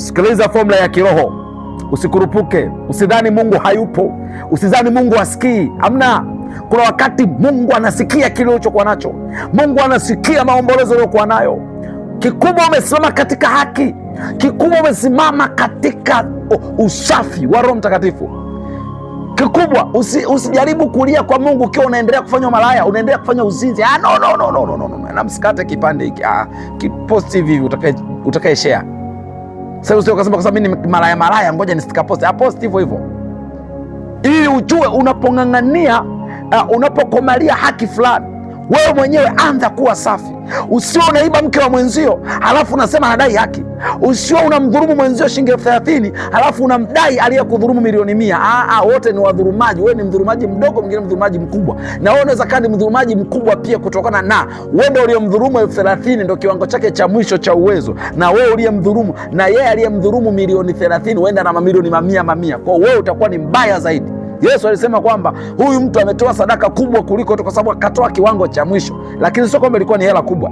Sikiliza fomula ya kiroho, usikurupuke, usidhani Mungu hayupo, usidhani Mungu asikii Amna, kuna wakati Mungu anasikia kile ulichokuwa nacho. Mungu anasikia maombolezo uliokuwa nayo. Kikubwa umesimama katika haki, kikubwa umesimama katika usafi wa Roho Mtakatifu. Kikubwa usi, usijaribu kulia kwa Mungu ukiwa unaendelea kufanya malaya unaendelea kufanya uzinzi. Ah, no, no, no, no, no, no. Namsikate kipande hiki. Ah, kiposti hivi utakae sasa sio ukasema kwa sababu mimi ni malaya malaya, ngoja nisikaposte. Aposti ah, hivyo hivyo, ili ujue unapong'ang'ania, uh, unapokomalia haki fulani wewe mwenyewe anza kuwa safi, usio unaiba mke wa mwenzio halafu unasema anadai haki, usio unamdhurumu mwenzio shilingi elfu thelathini halafu unamdai aliyekudhurumu milioni mia. Aa, ah, ah, wote ni wadhurumaji. Wewe ni mdhurumaji mdogo, mwingine mdhurumaji mkubwa, na wewe unaweza kaa ni mdhurumaji mkubwa pia, kutokana na wewe ndio uliyemdhurumu elfu thelathini ndo kiwango chake cha mwisho cha uwezo, na wewe uliyemdhurumu, na yeye aliyemdhurumu milioni thelathini huenda na mamilioni mamia mamia kwao, wewe utakuwa ni mbaya zaidi. Yesu alisema kwamba huyu mtu ametoa sadaka kubwa kuliko, kwa sababu akatoa kiwango cha mwisho, lakini sio kwamba ilikuwa ni hela kubwa.